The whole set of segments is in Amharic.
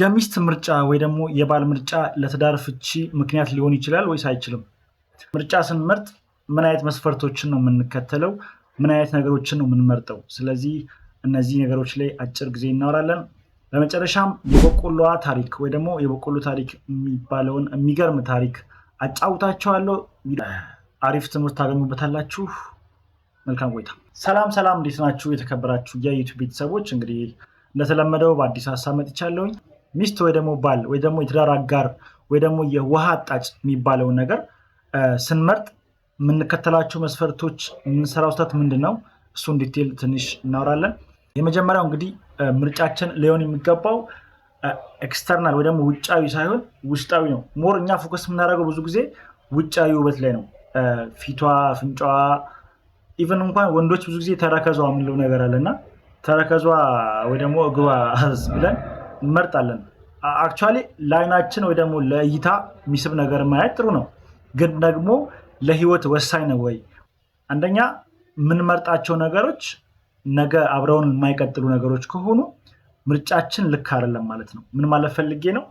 የሚስት ምርጫ ወይ ደግሞ የባል ምርጫ ለትዳር ፍቺ ምክንያት ሊሆን ይችላል ወይስ አይችልም? ምርጫ ስንመርጥ ምን አይነት መስፈርቶችን ነው የምንከተለው? ምን አይነት ነገሮችን ነው የምንመርጠው? ስለዚህ እነዚህ ነገሮች ላይ አጭር ጊዜ እናወራለን። በመጨረሻም የበቆሎዋ ታሪክ ወይ ደግሞ የበቆሎ ታሪክ የሚባለውን የሚገርም ታሪክ አጫውታቸዋለሁ። አሪፍ ትምህርት ታገኙበታላችሁ። መልካም ቆይታ። ሰላም ሰላም፣ እንዴት ናችሁ የተከበራችሁ የዩቱብ ቤተሰቦች? እንግዲህ እንደተለመደው በአዲስ ሀሳብ መጥቻለሁኝ። ሚስት ወይ ደግሞ ባል ወይ ደግሞ የትዳር አጋር ወይ ደግሞ የውሃ አጣጭ የሚባለውን ነገር ስንመርጥ የምንከተላቸው መስፈርቶች፣ የምንሰራው ስህተት ምንድን ነው? እሱን ዲቴል ትንሽ እናወራለን። የመጀመሪያው እንግዲህ ምርጫችን ሊሆን የሚገባው ኤክስተርናል ወይ ደግሞ ውጫዊ ሳይሆን ውስጣዊ ነው። ሞር እኛ ፎከስ የምናደርገው ብዙ ጊዜ ውጫዊ ውበት ላይ ነው። ፊቷ፣ አፍንጫዋ ኢቨን እንኳን ወንዶች ብዙ ጊዜ ተረከዟ የምንለው ነገር አለና ተረከዟ ወይ ደግሞ እግሯ ብለን እንመርጣለን። አክቹዋሊ ለአይናችን ወይ ደግሞ ለእይታ የሚስብ ነገር ማየት ጥሩ ነው፣ ግን ደግሞ ለህይወት ወሳኝ ነው ወይ? አንደኛ የምንመርጣቸው ነገሮች ነገ አብረውን የማይቀጥሉ ነገሮች ከሆኑ ምርጫችን ልክ አይደለም ማለት ነው። ምን ማለት ፈልጌ ነው?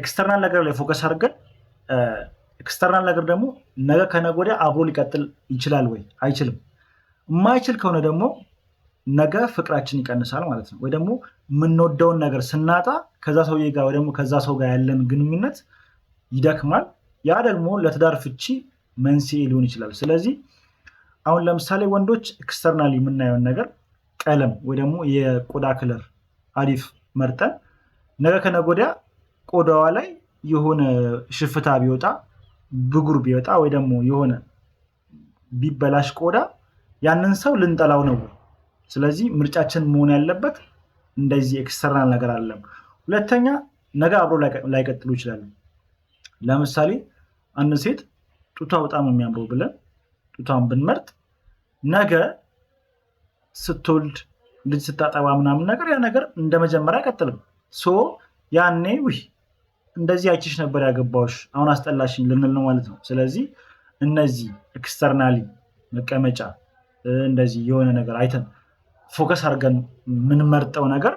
ኤክስተርናል ነገር ላይ ፎከስ አድርገን ኤክስተርናል ነገር ደግሞ ነገ ከነገ ወዲያ አብሮ ሊቀጥል ይችላል ወይ? አይችልም። የማይችል ከሆነ ደግሞ ነገ ፍቅራችን ይቀንሳል ማለት ነው። ወይ ደግሞ የምንወደውን ነገር ስናጣ ከዛ ሰውዬ ጋር ወይ ደግሞ ከዛ ሰው ጋር ያለን ግንኙነት ይደክማል። ያ ደግሞ ለትዳር ፍቺ መንስኤ ሊሆን ይችላል። ስለዚህ አሁን ለምሳሌ ወንዶች ኤክስተርናል የምናየውን ነገር ቀለም ወይ ደግሞ የቆዳ ክለር አሪፍ መርጠን ነገ ከነጎዳያ ቆዳዋ ላይ የሆነ ሽፍታ ቢወጣ ብጉር ቢወጣ ወይ ደግሞ የሆነ ቢበላሽ ቆዳ ያንን ሰው ልንጠላው ነው ስለዚህ ምርጫችን መሆን ያለበት እንደዚህ ኤክስተርናል ነገር አለም። ሁለተኛ ነገ አብሮ ላይቀጥሉ ይችላሉ። ለምሳሌ አንድ ሴት ጡቷ በጣም የሚያምረው ብለን ጡቷን ብንመርጥ ነገ ስትወልድ ልጅ ስታጠባ ምናምን ነገር ያ ነገር እንደ መጀመሪያ አይቀጥልም። ሶ ያኔ ውህ እንደዚህ አይችሽ ነበር ያገባዎች አሁን አስጠላሽኝ ልንል ነው ማለት ነው። ስለዚህ እነዚህ ኤክስተርናሊ መቀመጫ እንደዚህ የሆነ ነገር አይተን ፎከስ አድርገን የምንመርጠው ነገር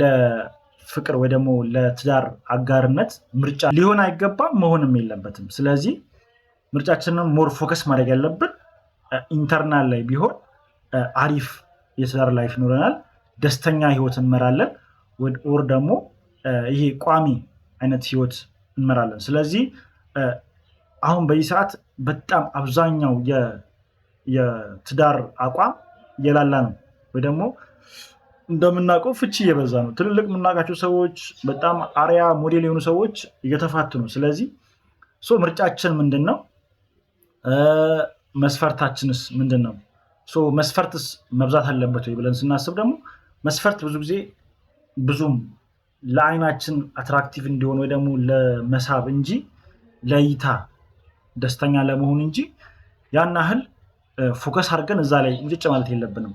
ለፍቅር ወይ ደግሞ ለትዳር አጋርነት ምርጫ ሊሆን አይገባም፣ መሆንም የለበትም። ስለዚህ ምርጫችንን ሞር ፎከስ ማድረግ ያለብን ኢንተርናል ላይ ቢሆን አሪፍ የትዳር ላይፍ ይኖረናል፣ ደስተኛ ህይወት እንመራለን፣ ወር ደግሞ ይሄ ቋሚ አይነት ህይወት እንመራለን። ስለዚህ አሁን በዚህ ሰዓት በጣም አብዛኛው የትዳር አቋም የላላ ነው። ወይ ደግሞ እንደምናውቀው ፍቺ እየበዛ ነው። ትልልቅ የምናውቃቸው ሰዎች በጣም አሪያ ሞዴል የሆኑ ሰዎች እየተፋቱ ነው። ስለዚህ ምርጫችን ምንድን ነው? መስፈርታችንስ ምንድን ነው? መስፈርትስ መብዛት አለበት ወይ ብለን ስናስብ ደግሞ መስፈርት ብዙ ጊዜ ብዙም ለአይናችን አትራክቲቭ እንዲሆን ወይ ደግሞ ለመሳብ እንጂ ለእይታ ደስተኛ ለመሆን እንጂ ያን ያህል ፎከስ አድርገን እዛ ላይ ሙጭጭ ማለት የለብንም።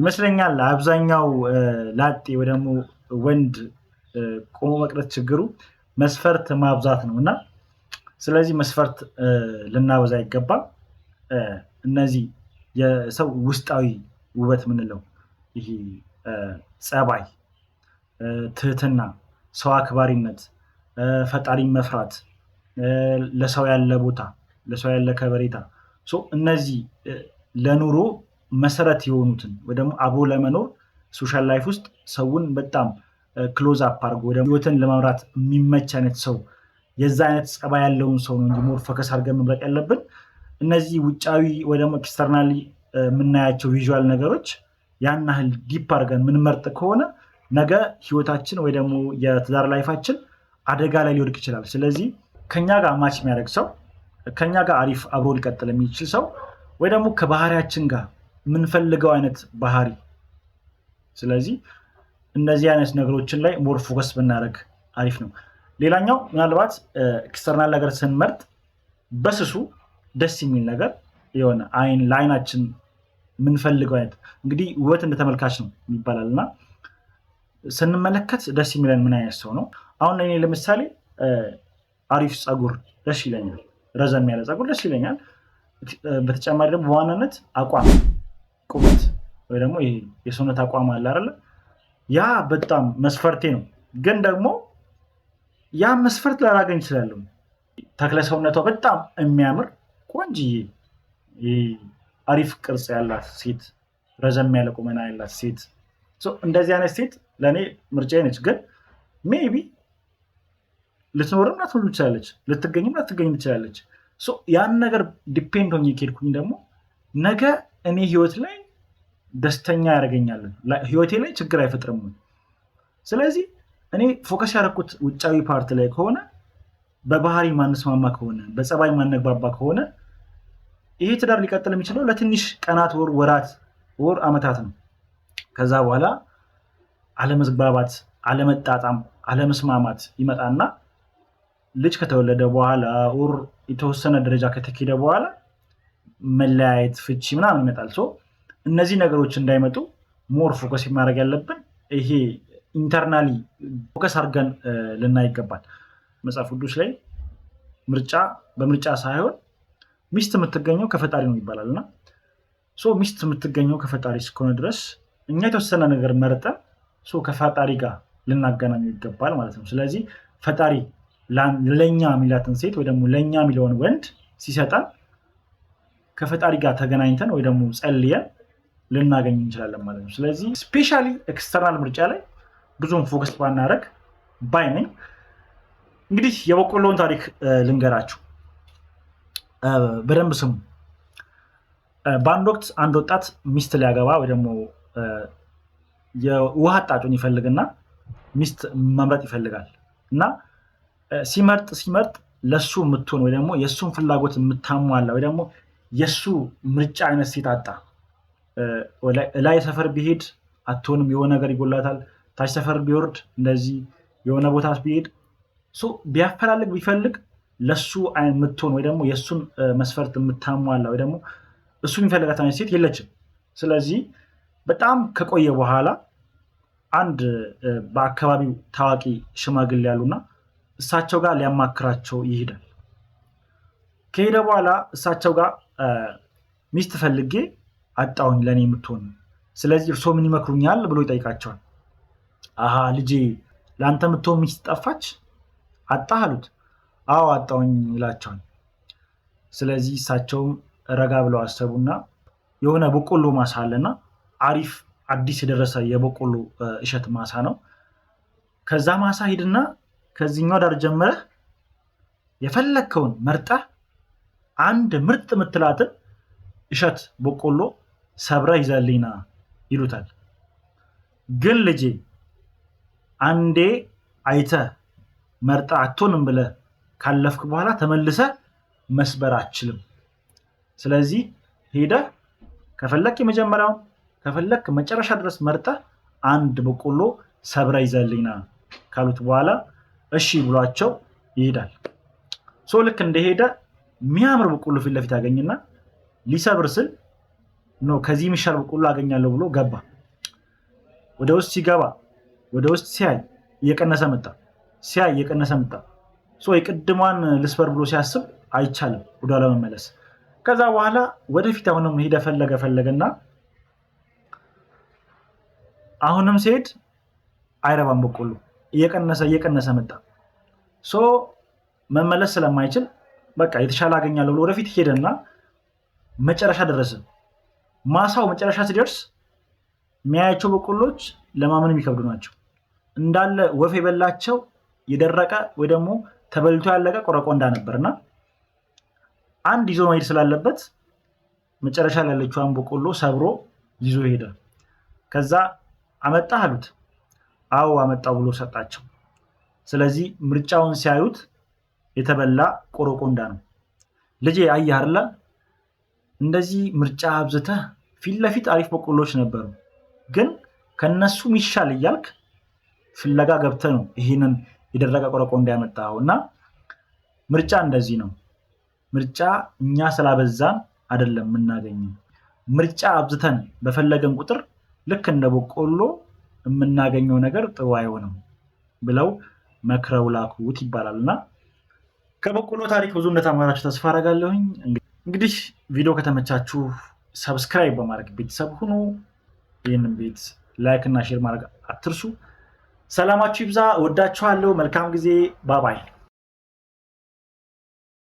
ይመስለኛል አብዛኛው ላጤ ወይ ደግሞ ወንድ ቆሞ መቅረት ችግሩ መስፈርት ማብዛት ነው እና ስለዚህ መስፈርት ልናበዛ ይገባል። እነዚህ የሰው ውስጣዊ ውበት የምንለው ይሄ ጸባይ፣ ትህትና፣ ሰው አክባሪነት፣ ፈጣሪ መፍራት፣ ለሰው ያለ ቦታ፣ ለሰው ያለ ከበሬታ እነዚህ ለኑሮ መሰረት የሆኑትን ወይ ደግሞ አብሮ ለመኖር ሶሻል ላይፍ ውስጥ ሰውን በጣም ክሎዝ አፕ አድርጎ ወደ ህይወትን ለመምራት የሚመች አይነት ሰው የዛ አይነት ጸባ ያለውን ሰው ነው እንጂ ሞር ፎከስ አድርገን መምረጥ ያለብን። እነዚህ ውጫዊ ወይ ደግሞ ኤክስተርናሊ የምናያቸው ቪዥዋል ነገሮች ያን ያህል ዲፕ አድርገን ምንመርጥ ከሆነ ነገ ህይወታችን ወይ ደግሞ የትዳር ላይፋችን አደጋ ላይ ሊወድቅ ይችላል። ስለዚህ ከኛ ጋር ማች የሚያደርግ ሰው፣ ከኛ ጋር አሪፍ አብሮ ሊቀጥል የሚችል ሰው ወይ ደግሞ ከባህሪያችን ጋር የምንፈልገው አይነት ባህሪ። ስለዚህ እነዚህ አይነት ነገሮችን ላይ ሞር ፎከስ ብናደርግ አሪፍ ነው። ሌላኛው ምናልባት ኤክስተርናል ነገር ስንመርጥ በስሱ ደስ የሚል ነገር የሆነ አይን ለአይናችን የምንፈልገው አይነት እንግዲህ ውበት እንደ ተመልካች ነው ይባላል እና ስንመለከት ደስ የሚለን ምን አይነት ሰው ነው? አሁን እኔ ለምሳሌ አሪፍ ፀጉር ደስ ይለኛል። ረዘም ያለ ፀጉር ደስ ይለኛል። በተጨማሪ ደግሞ በዋናነት አቋም ቁመት ወይ ደግሞ የሰውነት አቋም አለ አይደለ? ያ በጣም መስፈርቴ ነው። ግን ደግሞ ያ መስፈርት ላላገኝ እችላለሁ። ተክለ ሰውነቷ በጣም የሚያምር ቆንጅዬ አሪፍ ቅርጽ ያላት ሴት፣ ረዘም ያለ ቁመና ያላት ሴት፣ እንደዚህ አይነት ሴት ለእኔ ምርጫ ነች። ግን ሜቢ ልትኖርም ላትኖር ትችላለች፣ ልትገኝም ላትገኝም ትችላለች። ያን ነገር ዲፔንድ ሆኜ ከሄድኩኝ ደግሞ ነገ እኔ ህይወት ላይ ደስተኛ ያደርገኛል። ህይወቴ ላይ ችግር አይፈጥርም። ስለዚህ እኔ ፎከስ ያደረኩት ውጫዊ ፓርት ላይ ከሆነ በባህሪ ማንስማማ ከሆነ በፀባይ ማነግባባ ከሆነ ይሄ ትዳር ሊቀጥል የሚችለው ለትንሽ ቀናት ወር ወራት ወር አመታት ነው። ከዛ በኋላ አለመግባባት፣ አለመጣጣም፣ አለመስማማት ይመጣና ልጅ ከተወለደ በኋላ ወር የተወሰነ ደረጃ ከተኬደ በኋላ መለያየት፣ ፍቺ ምናምን ይመጣል። እነዚህ ነገሮች እንዳይመጡ ሞር ፎከስ ማድረግ ያለብን ይሄ ኢንተርናሊ ፎከስ አድርገን ልና ይገባል። መጽሐፍ ቅዱስ ላይ ምርጫ በምርጫ ሳይሆን ሚስት የምትገኘው ከፈጣሪ ነው ይባላል እና ሚስት የምትገኘው ከፈጣሪ እስከሆነ ድረስ እኛ የተወሰነ ነገር መርጠን ከፈጣሪ ጋር ልናገናኘው ይገባል ማለት ነው። ስለዚህ ፈጣሪ ለእኛ የሚላትን ሴት ወይ ደግሞ ለእኛ የሚለውን ወንድ ሲሰጠን ከፈጣሪ ጋር ተገናኝተን ወይ ደግሞ ጸልየን ልናገኝ እንችላለን ማለት ነው። ስለዚህ ስፔሻሊ ኤክስተርናል ምርጫ ላይ ብዙም ፎከስ ባናደረግ ባይ ነኝ። እንግዲህ የበቆሎውን ታሪክ ልንገራችሁ፣ በደንብ ስሙ። በአንድ ወቅት አንድ ወጣት ሚስት ሊያገባ ወይ ደግሞ የውሃ አጣጩን ይፈልግና ሚስት መምረጥ ይፈልጋል እና ሲመርጥ ሲመርጥ ለሱ የምትሆን ወይ ደግሞ የእሱን ፍላጎት የምታሟላ ወይ ደግሞ የእሱ ምርጫ አይነት ሲታጣ ላይ ሰፈር ቢሄድ አትሆንም፣ የሆነ ነገር ይጎላታል። ታች ሰፈር ቢወርድ እንደዚህ የሆነ ቦታ ቢሄድ ቢያፈላልግ ቢፈልግ ለሱ የምትሆን ወይ ደግሞ የእሱን መስፈርት የምታሟላ ወይ ደግሞ እሱ የሚፈልጋት አይነት ሴት የለችም። ስለዚህ በጣም ከቆየ በኋላ አንድ በአካባቢው ታዋቂ ሽማግሌ ያሉና እሳቸው ጋር ሊያማክራቸው ይሄዳል። ከሄደ በኋላ እሳቸው ጋር ሚስት ፈልጌ አጣውኝ ለእኔ የምትሆን ስለዚህ እርሶ ምን ይመክሩኛል ብሎ ይጠይቃቸዋል። አሃ ልጄ ለአንተ የምትሆን ሚስት ጠፋች አጣህ አሉት። አዎ አጣውኝ ይላቸዋል። ስለዚህ እሳቸውም ረጋ ብለው አሰቡና የሆነ በቆሎ ማሳ አለና አሪፍ አዲስ የደረሰ የበቆሎ እሸት ማሳ ነው። ከዛ ማሳ ሂድና ከዚህኛው ዳር ጀምረህ የፈለግከውን መርጠህ አንድ ምርጥ የምትላትን እሸት በቆሎ ሰብራ ይዛልኝና ይሉታል። ግን ልጄ አንዴ አይተ መርጣ አትሆንም ብለ ካለፍክ በኋላ ተመልሰ መስበር አችልም። ስለዚህ ሄደ ከፈለክ የመጀመሪያውን ከፈለክ መጨረሻ ድረስ መርጠ አንድ በቆሎ ሰብራ ይዛልኝና ካሉት በኋላ እሺ ብሏቸው ይሄዳል። ሰው ልክ እንደሄደ የሚያምር በቆሎ ፊት ለፊት ያገኝና ሊሰብር ስል ነው ከዚህ የሚሻል በቆሎ አገኛለሁ ብሎ ገባ። ወደ ውስጥ ሲገባ ወደ ውስጥ ሲያይ እየቀነሰ መጣ። ሲያይ እየቀነሰ መጣ። የቅድሟን ልስበር ብሎ ሲያስብ አይቻልም ወደኋላ መመለስ። ከዛ በኋላ ወደፊት አሁንም ሄደ ፈለገ ፈለገና አሁንም ሲሄድ አይረባም በቆሎ እየቀነሰ እየቀነሰ መጣ። መመለስ ስለማይችል በቃ የተሻለ አገኛለሁ ብሎ ወደፊት ሄደና መጨረሻ ደረስን። ማሳው መጨረሻ ሲደርስ የሚያያቸው በቆሎች ለማመን የሚከብዱ ናቸው። እንዳለ ወፍ የበላቸው የደረቀ ወይ ደግሞ ተበልቶ ያለቀ ቆረቆንዳ ነበር አንድ ይዞ መሄድ ስላለበት መጨረሻ ላይ ያለችዋን በቆሎ ሰብሮ ይዞ ሄደ። ከዛ አመጣ አሉት። አዎ አመጣው ብሎ ሰጣቸው። ስለዚህ ምርጫውን ሲያዩት የተበላ ቆረቆንዳ ነው። ልጄ አየህ አይደለ እንደዚህ ምርጫ አብዝተህ ፊት ለፊት አሪፍ በቆሎዎች ነበሩ፣ ግን ከነሱ ሚሻል እያልክ ፍለጋ ገብተህ ነው ይህንን የደረቀ ቆረቆ እንዳያመጣው እና ምርጫ እንደዚህ ነው። ምርጫ እኛ ስላበዛን አይደለም የምናገኘው። ምርጫ አብዝተን በፈለገን ቁጥር ልክ እንደ በቆሎ የምናገኘው ነገር ጥሩ አይሆንም ብለው መክረው ላኩት ይባላል እና ከበቆሎ ታሪክ ብዙ እንደተማራችሁ ተስፋ አደርጋለሁኝ። እንግዲህ ቪዲዮ ከተመቻችሁ ሰብስክራይብ በማድረግ ቤተሰብ ሁኑ። ይህንን ቤት ላይክ እና ሼር ማድረግ አትርሱ። ሰላማችሁ ይብዛ። ወዳችኋለሁ። መልካም ጊዜ። ባባይ